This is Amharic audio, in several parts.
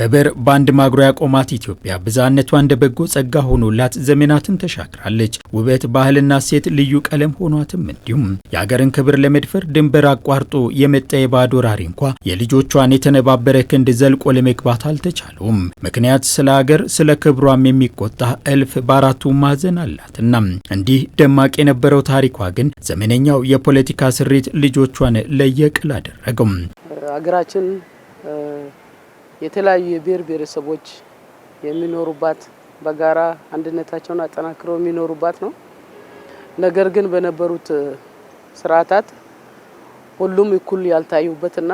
ህብር በአንድ ማግሮ ያቆማት ኢትዮጵያ ብዝሃነቷ እንደ በጎ ጸጋ ሆኖላት ዘመናትን ተሻግራለች። ውበት፣ ባህልና ሴት ልዩ ቀለም ሆኗትም እንዲሁም የአገርን ክብር ለመድፈር ድንበር አቋርጦ የመጣ የባዕድ ወራሪ እንኳ የልጆቿን የተነባበረ ክንድ ዘልቆ ለመግባት አልተቻለውም። ምክንያት ስለ አገር ስለ ክብሯም የሚቆጣ እልፍ በአራቱ ማዕዘን አላትና። እንዲህ ደማቅ የነበረው ታሪኳ ግን ዘመነኛው የፖለቲካ ስሪት ልጆቿን ለየቅል አደረገም። አገራችን የተለያዩ የብሔር ብሔረሰቦች የሚኖሩባት በጋራ አንድነታቸውን አጠናክረው የሚኖሩባት ነው። ነገር ግን በነበሩት ስርዓታት ሁሉም እኩል ያልታዩበትና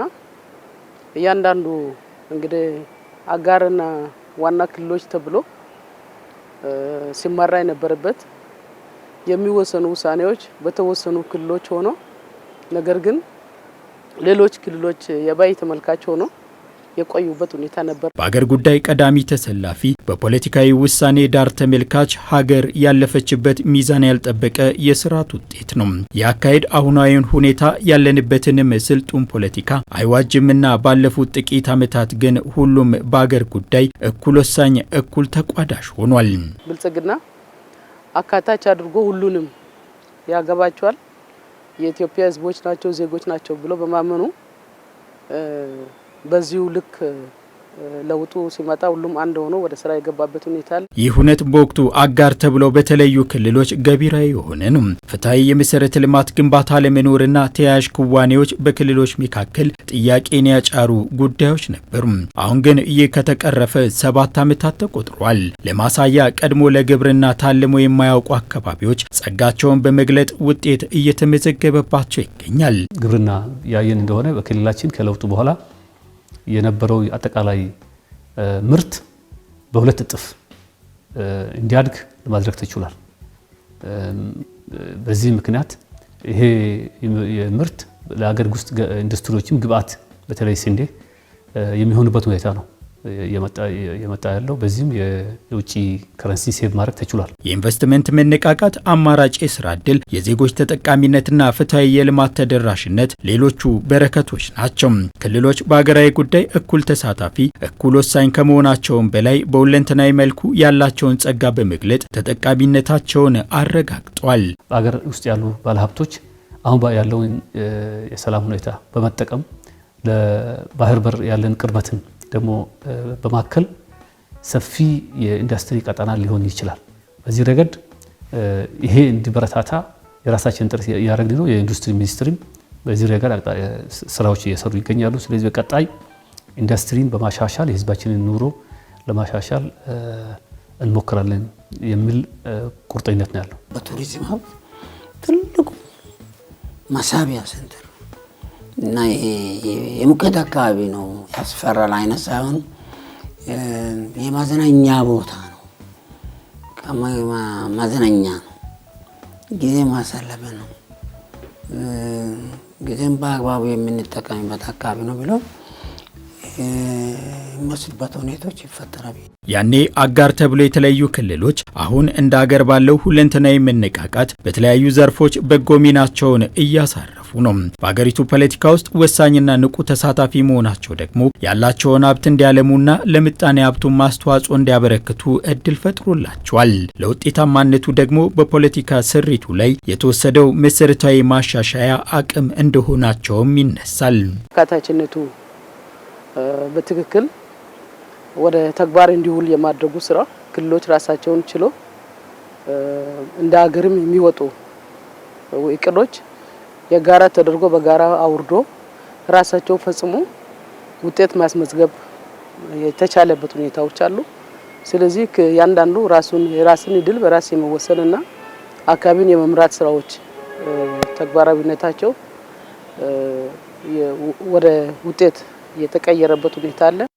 እያንዳንዱ እንግዲህ አጋርና ዋና ክልሎች ተብሎ ሲመራ የነበረበት የሚወሰኑ ውሳኔዎች በተወሰኑ ክልሎች ሆኖ ነገር ግን ሌሎች ክልሎች የባይ ተመልካች ሆኖ የቆዩበት ሁኔታ ነበር። በአገር ጉዳይ ቀዳሚ ተሰላፊ በፖለቲካዊ ውሳኔ ዳር ተመልካች ሀገር ያለፈችበት ሚዛን ያልጠበቀ የስርዓት ውጤት ነው። የአካሄድ አሁናዊውን ሁኔታ ያለንበትን ስልጡን ፖለቲካ አይዋጅምና ባለፉት ጥቂት ዓመታት ግን ሁሉም በአገር ጉዳይ እኩል ወሳኝ፣ እኩል ተቋዳሽ ሆኗል። ብልጽግና አካታች አድርጎ ሁሉንም ያገባቸዋል የኢትዮጵያ ህዝቦች ናቸው ዜጎች ናቸው ብሎ በማመኑ በዚሁ ልክ ለውጡ ሲመጣ ሁሉም አንድ ሆኖ ወደ ስራ የገባበት ሁኔታ አለ። ይህ ሁነት በወቅቱ አጋር ተብለው በተለዩ ክልሎች ገቢራዊ የሆነ ነው። ፍትሐዊ የመሰረተ ልማት ግንባታ ለመኖርና ተያያዥ ክዋኔዎች በክልሎች መካከል ጥያቄን ያጫሩ ጉዳዮች ነበሩ። አሁን ግን ይህ ከተቀረፈ ሰባት ዓመታት ተቆጥሯል። ለማሳያ ቀድሞ ለግብርና ታልሞ የማያውቁ አካባቢዎች ጸጋቸውን በመግለጥ ውጤት እየተመዘገበባቸው ይገኛል። ግብርና ያየን እንደሆነ በክልላችን ከለውጡ በኋላ የነበረው አጠቃላይ ምርት በሁለት እጥፍ እንዲያድግ ለማድረግ ተችሏል። በዚህ ምክንያት ይሄ ምርት ለሀገር ውስጥ ኢንዱስትሪዎችም ግብአት በተለይ ስንዴ የሚሆኑበት ሁኔታ ነው። የመጣ ያለው በዚህም የውጭ ከረንሲ ሴቭ ማድረግ ተችሏል። የኢንቨስትመንት መነቃቃት፣ አማራጭ የስራ እድል፣ የዜጎች ተጠቃሚነትና ፍትሐዊ የልማት ተደራሽነት ሌሎቹ በረከቶች ናቸው። ክልሎች በሀገራዊ ጉዳይ እኩል ተሳታፊ፣ እኩል ወሳኝ ከመሆናቸውም በላይ በሁለንተናዊ መልኩ ያላቸውን ጸጋ በመግለጥ ተጠቃሚነታቸውን አረጋግጧል። በሀገር ውስጥ ያሉ ባለሀብቶች አሁን ያለውን የሰላም ሁኔታ በመጠቀም ለባህር በር ያለን ቅርበትን ደግሞ በማከል ሰፊ የኢንዱስትሪ ቀጠና ሊሆን ይችላል። በዚህ ረገድ ይሄ እንዲበረታታ የራሳችን ጥረት እያደረግን ነው። የኢንዱስትሪ ሚኒስትሪም በዚህ ረገድ ስራዎች እየሰሩ ይገኛሉ። ስለዚህ በቀጣይ ኢንዱስትሪን በማሻሻል የህዝባችንን ኑሮ ለማሻሻል እንሞክራለን የሚል ቁርጠኝነት ነው ያለው። በቱሪዝም ሀብት ትልቁ መሳቢያ ስንት እና የሙቀት አካባቢ ነው ያስፈራል አይነት ሳይሆን የማዝናኛ ቦታ ነው፣ ማዝናኛ ነው፣ ጊዜ ማሳለፈ ነው፣ ጊዜም በአግባቡ የምንጠቀምበት አካባቢ ነው ብለው የሚወስድበት ሁኔታዎች ይፈጠራል። ያኔ አጋር ተብሎ የተለያዩ ክልሎች አሁን እንደ አገር ባለው ሁለንተናዊ መነቃቃት በተለያዩ ዘርፎች በጎ ሚናቸውን እያሳረፉ ነው። በአገሪቱ ፖለቲካ ውስጥ ወሳኝና ንቁ ተሳታፊ መሆናቸው ደግሞ ያላቸውን ሀብት እንዲያለሙና ለምጣኔ ሀብቱን ማስተዋጽኦ እንዲያበረክቱ እድል ፈጥሮላቸዋል። ለውጤታማነቱ ደግሞ በፖለቲካ ስሪቱ ላይ የተወሰደው መሰረታዊ ማሻሻያ አቅም እንደሆናቸውም ይነሳል። አካታችነቱ በትክክል ወደ ተግባር እንዲውል የማድረጉ ስራ ክልሎች ራሳቸውን ችሎ እንደ ሀገርም የሚወጡ እቅዶች የጋራ ተደርጎ በጋራ አውርዶ ራሳቸው ፈጽሞ ውጤት ማስመዝገብ የተቻለበት ሁኔታዎች አሉ። ስለዚህ ያንዳንዱ ራሱን የራስን ድል በራስ የመወሰንና አካባቢን የመምራት ስራዎች ተግባራዊነታቸው ወደ ውጤት የተቀየረበት ሁኔታ አለ።